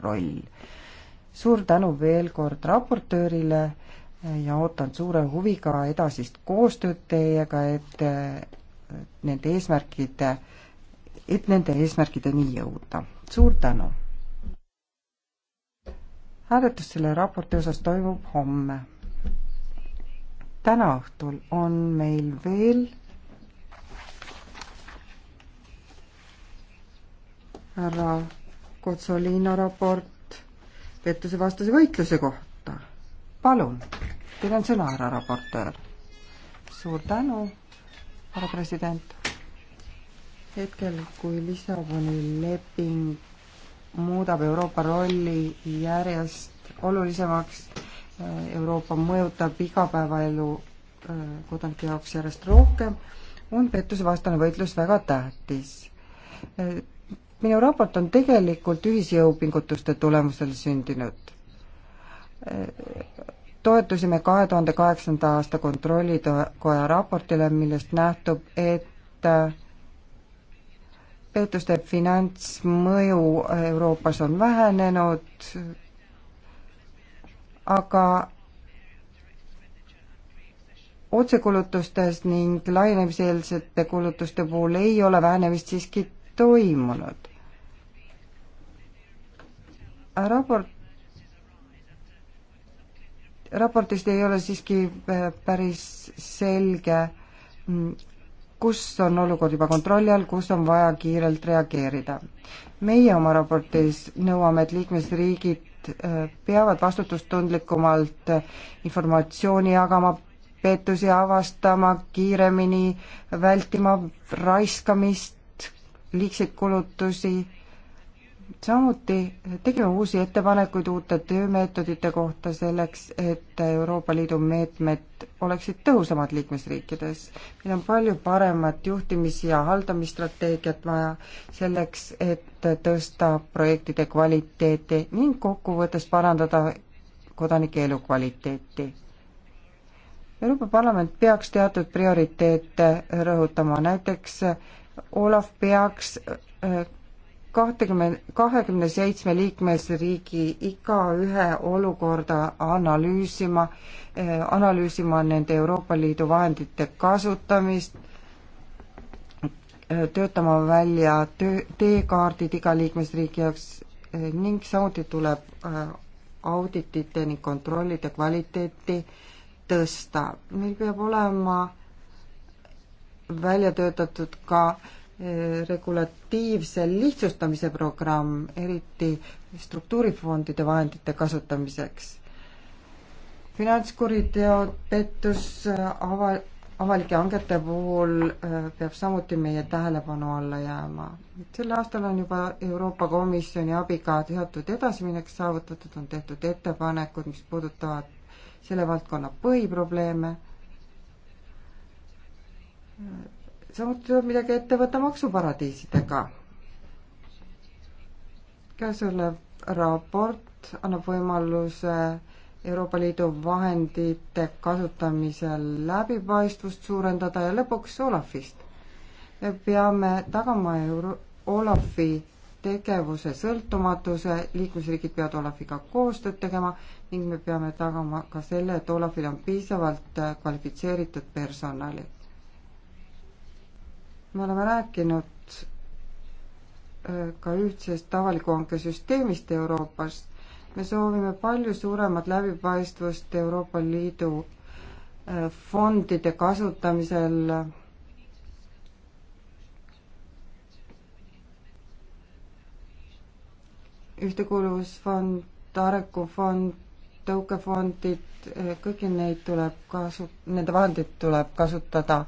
roll. suur tänu veel kord raportöörile ja ootan suure huviga edasist koostööd teiega, et nende eesmärkide, et nende eesmärkideni jõuda. suur tänu! hääletus selle raporti osas toimub homme. täna õhtul on meil veel härra Kotsolino raport pettusevastase võitluse kohta. palun, teil on sõna, härra raportöör. suur tänu, härra president. hetkel, kui Lissaboni leping muudab Euroopa rolli järjest olulisemaks, eh, Euroopa mõjutab igapäevaelu eh, kodanike jaoks järjest rohkem, on pettusevastane võitlus väga tähtis eh, minu raport on tegelikult ühisjõupingutuste tulemusel sündinud. toetusime kahe tuhande kaheksanda aasta kontrollikoja raportile, millest nähtub, et peetuste finantsmõju Euroopas on vähenenud, aga otsekulutustes ning laienemiseelsete kulutuste puhul ei ole vähenemist siiski toimunud raport, raportist ei ole siiski äh, päris selge, mm, kus on olukord juba kontrolli all, kus on vaja kiirelt reageerida. meie oma raportis nõuame, et liikmesriigid äh, peavad vastutustundlikumalt äh, informatsiooni jagama, pettusi avastama kiiremini, vältima raiskamist, liigseid kulutusi samuti tegime uusi ettepanekuid uute töömeetodite kohta selleks, et Euroopa Liidu meetmed oleksid tõhusamad liikmesriikides. meil on palju paremat juhtimis- ja haldamisstrateegiat vaja selleks, et tõsta projektide kvaliteeti ning kokkuvõttes parandada kodanike elukvaliteeti. Euroopa Parlament peaks teatud prioriteete rõhutama, näiteks Olav peaks kahtekümmend, kahekümne seitsme liikmesriigi igaühe olukorda analüüsima, eh, analüüsima nende Euroopa Liidu vahendite kasutamist, eh, töötama välja töö, teekaardid iga liikmesriigi jaoks eh, ning samuti tuleb auditite ning kontrollide kvaliteeti tõsta. meil peab olema välja töötatud ka äh, regulatiivse lihtsustamise programm, eriti struktuurifondide vahendite kasutamiseks. finantskuriteod, pettus ava-, avalike hangete puhul äh, peab samuti meie tähelepanu alla jääma. sel aastal on juba Euroopa Komisjoni abiga teatud edasiminek saavutatud, on tehtud ettepanekud, mis puudutavad selle valdkonna põhiprobleeme samuti tuleb midagi ette võtta maksuparadiisidega. käesolev raport annab võimaluse Euroopa Liidu vahendite kasutamisel läbipaistvust suurendada ja lõpuks Olafist. me peame tagama Euro-, Olafi tegevuse sõltumatuse, liikmesriigid peavad Olafiga koostööd tegema ning me peame tagama ka selle, et Olafil on piisavalt kvalifitseeritud personali me oleme rääkinud äh, ka ühtsest avaliku hanke süsteemist Euroopas. me soovime palju suuremat läbipaistvust Euroopa Liidu äh, fondide kasutamisel ühtekuuluvusfond, arengufond, tõukefondid, äh, kõiki neid tuleb kasu-, nende vahendeid tuleb kasutada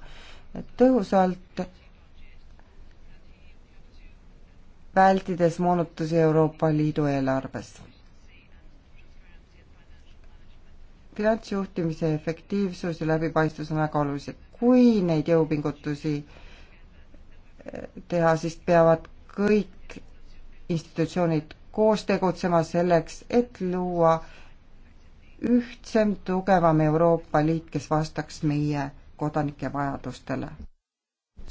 tõhusalt vältides moonutusi Euroopa Liidu eelarves. finantsjuhtimise efektiivsus ja läbipaistvus on väga olulised. kui neid jõupingutusi eh, teha, siis peavad kõik institutsioonid koos tegutsema selleks, et luua ühtsem, tugevam Euroopa Liit, kes vastaks meie kodanike vajadustele.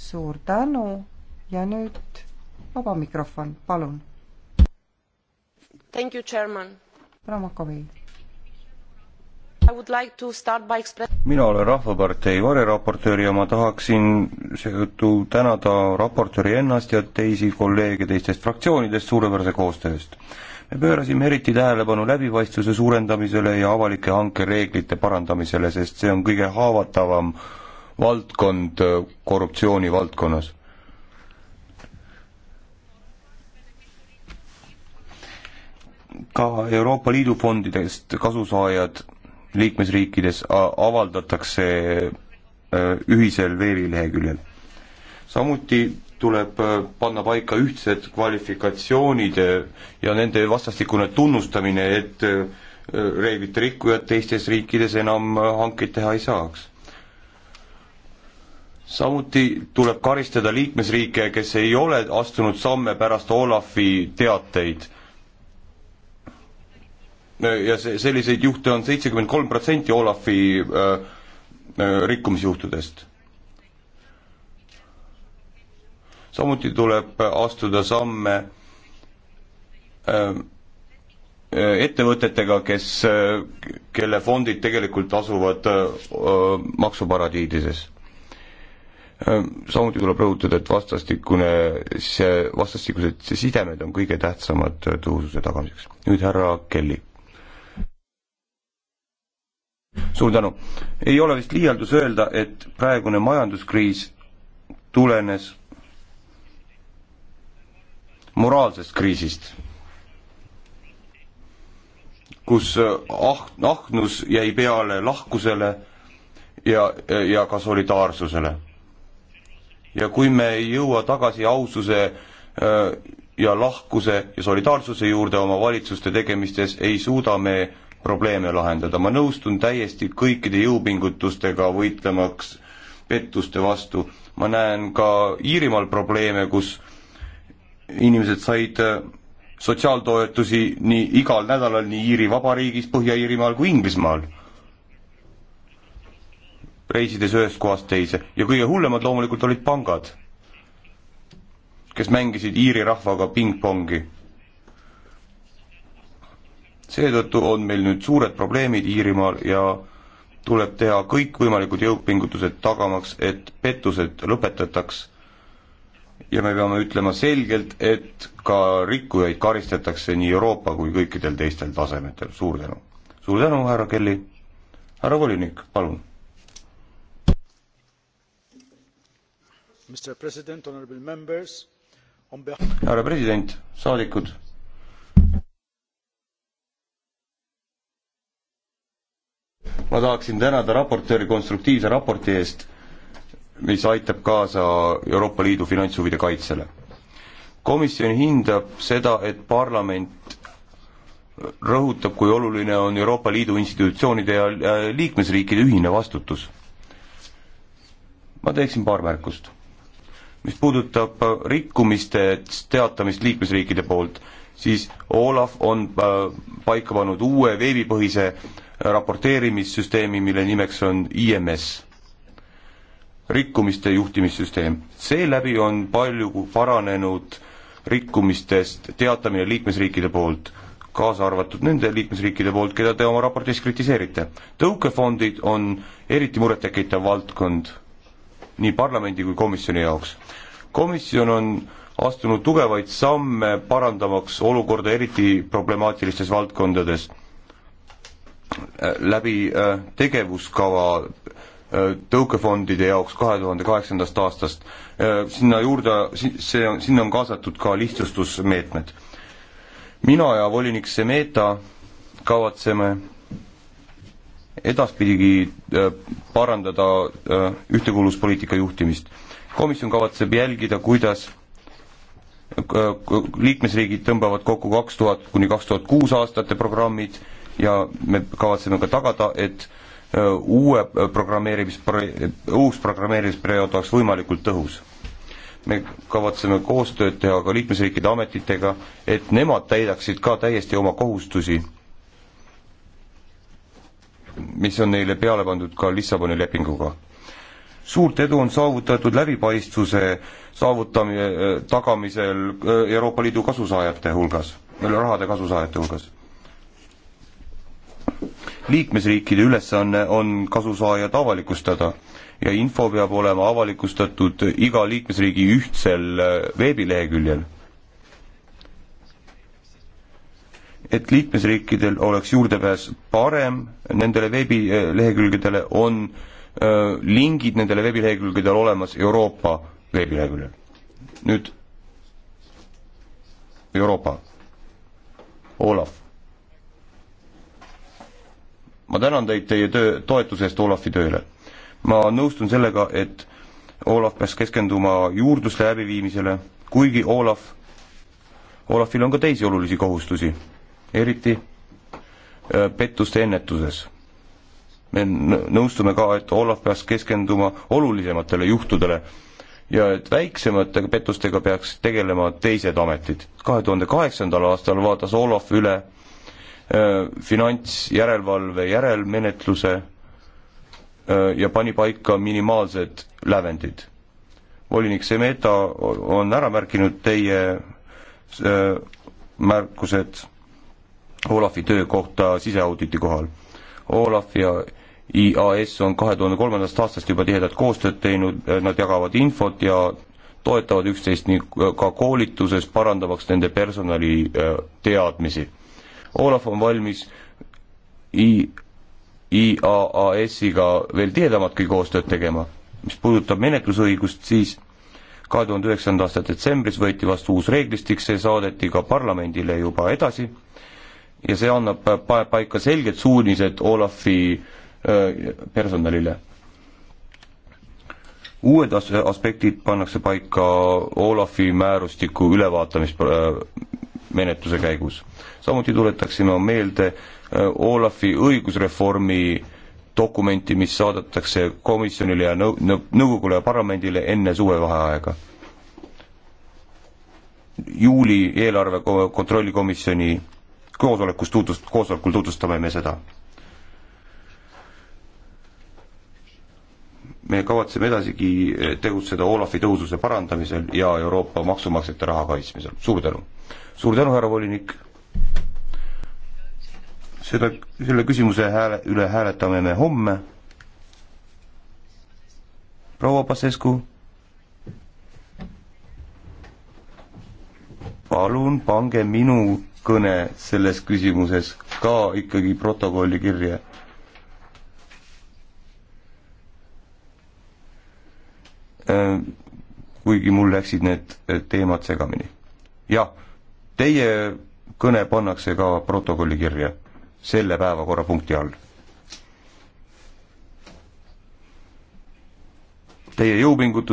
suur tänu ja nüüd vaba mikrofon, palun. Thank you, chairman. proua Makovi. I would like to start by express- mina olen Rahvapartei vareraportöör ja ma tahaksin seetõttu tänada raportööri ennast ja teisi kolleege teistest fraktsioonidest suurepärase koostööst me pöörasime eriti tähelepanu läbipaistvuse suurendamisele ja avalike hankereeglite parandamisele, sest see on kõige haavatavam valdkond korruptsiooni valdkonnas. ka Euroopa Liidu fondidest kasusaajad liikmesriikides avaldatakse ühisel veebileheküljel. samuti tuleb panna paika ühtsed kvalifikatsioonid ja nende vastastikune tunnustamine, et reeglite rikkujad teistes riikides enam hankeid teha ei saaks. samuti tuleb karistada liikmesriike, kes ei ole astunud samme pärast Olafi teateid Äh, ja see, selliseid juhte on seitsekümmend kolm protsenti Olafi äh, äh rikkumisjuhtudest. samuti tuleb astuda samme äh, äh, ettevõtetega, kes äh,, kelle fondid tegelikult asuvad maksuparadiidides samuti tuleb rõhutada, et vastastikune, see, vastastikused sidemed on kõige tähtsamad tõhususe tagamiseks. nüüd härra Kelly suur tänu. ei ole vist liialdus öelda, et praegune majanduskriis tulenes moraalsest kriisist, kus äh, ah-, ahnus jäi peale lahkusele ja, ja ka solidaarsusele. ja kui me ei jõua tagasi aususe äh, ja lahkuse ja solidaarsuse juurde oma valitsuste tegemistes, ei suuda me probleeme lahendada, ma nõustun täiesti kõikide jõupingutustega võitlemaks pettuste vastu, ma näen ka Iirimaal probleeme, kus inimesed said sotsiaaltoetusi nii igal nädalal nii Iiri Vabariigis, Põhja-Iirimaal kui Inglismaal, reisides ühest kohast teise ja kõige hullemad loomulikult olid pangad, kes mängisid Iiri rahvaga pingpongi seetõttu on meil nüüd suured probleemid Iirimaal ja tuleb teha kõikvõimalikud jõupingutused tagamaks, et pettused lõpetataks ja me peame ütlema selgelt, et ka rikkujaid karistatakse nii Euroopa kui kõikidel teistel tasemetel, suur tänu. suur tänu, härra Kelly. härra volinik, palun. härra president, saadikud ma tahaksin tänada raportööri konstruktiivse raporti eest, mis aitab kaasa Euroopa Liidu finantshuvide kaitsele. komisjon hindab seda, et parlament rõhutab, kui oluline on Euroopa Liidu institutsioonide ja liikmesriikide ühine vastutus. ma teeksin paar märkust. mis puudutab rikkumiste teatamist liikmesriikide poolt, siis Olav on äh, paika pannud uue veebipõhise äh, raporteerimissüsteemi, mille nimeks on IMS, rikkumiste juhtimissüsteem. seeläbi on palju paranenud rikkumistest teatamine liikmesriikide poolt, kaasa arvatud nende liikmesriikide poolt, keda te oma raportis kritiseerite. tõukefondid on eriti murettekitav valdkond nii parlamendi kui komisjoni jaoks komisjon on astunud tugevaid samme parandamaks olukorda eriti problemaatilistes valdkondades läbi äh, tegevuskava äh, tõukefondide jaoks kahe tuhande kaheksandast aastast. Äh, sinna juurde, see on, sinna on kaasatud ka lihtsustusmeetmed. mina ja volinik Semeta kavatseme edaspidigi parandada ühtekuuluvuspoliitika juhtimist komisjon kavatseb jälgida, kuidas äh, liikmesriigid tõmbavad kokku kaks tuhat kuni kaks tuhat kuus aastate programmid ja me kavatseme ka tagada, et äh, uue programmeerimis, uus programmeerimisperiood oleks võimalikult tõhus. me kavatseme koostööd teha ka liikmesriikide ametitega, et nemad täidaksid ka täiesti oma kohustusi, mis on neile peale pandud ka Lissaboni lepinguga suurt edu on saavutatud läbipaistvuse saavutamine, tagamisel äh, Euroopa Liidu kasusaajate hulgas, äh, rahade kasusaajate hulgas. liikmesriikide ülesanne on kasusaajad avalikustada ja info peab olema avalikustatud iga liikmesriigi ühtsel äh, veebileheküljel et liikmesriikidel oleks juurdepääs parem nendele veebilehekülgedele, on lingid nendele veebilehekülgedel olemas Euroopa veebileheküljel. nüüd Euroopa, Olav. ma tänan teid teie töö, toetuse eest Olavi tööle. ma nõustun sellega, et Olav peaks keskenduma juurdluste läbiviimisele, kuigi Olav, Olavil on ka teisi olulisi kohustusi, eriti pettuste ennetuses me nõustume ka, et Olav peaks keskenduma olulisematele juhtudele ja et väiksemate pettustega peaks tegelema teised ametid. kahe tuhande kaheksandal aastal vaatas Olav üle äh, finantsjärelevalve järelmenetluse äh, ja pani paika minimaalsed lävendid. volinik Semeta on ära märkinud teie äh, märkused Olavi töö kohta siseauditi kohal Olav ja IAS on kahe tuhande kolmandast aastast juba tihedat koostööd teinud, eh, nad jagavad infot ja toetavad üksteist nii eh, ka koolituses, parandamaks nende personali eh, teadmisi. Olav on valmis I-, IAAS-iga veel tihedamatki koostööd tegema. mis puudutab menetlusõigust, siis kahe tuhande üheksanda aasta detsembris võeti vastu uus reeglistik, see saadeti ka parlamendile juba edasi ja see annab pa-, paika selged suunised Olafi personalile. uued as-, aspektid pannakse paika Olafi määrustiku ülevaatamismenetluse käigus. samuti tuletaksime meelde Olafi õigusreformi dokumenti, mis saadetakse komisjonile ja nõu-, nõukogule ja parlamendile enne suvevaheaega juuli eelarve kontrollikomisjoni koosolekus tutvust, koosolekul tutvustame me seda. me kavatseme edasigi tegutseda Olafi tõhususe parandamisel ja Euroopa maksumaksjate raha kaitsmisel, suur tänu. suur tänu, härra volinik, seda, selle küsimuse hääle, üle hääletame me homme, proua Pasescu palun pange minu kõne selles küsimuses ka ikkagi protokolli kirja. Äh, kuigi mul läksid need äh, teemad segamini. jah, teie kõne pannakse ka protokolli kirja selle päevakorrapunkti all. Teie jõupingutus